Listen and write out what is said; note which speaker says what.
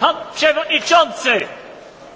Speaker 1: Pan Przewodniczący!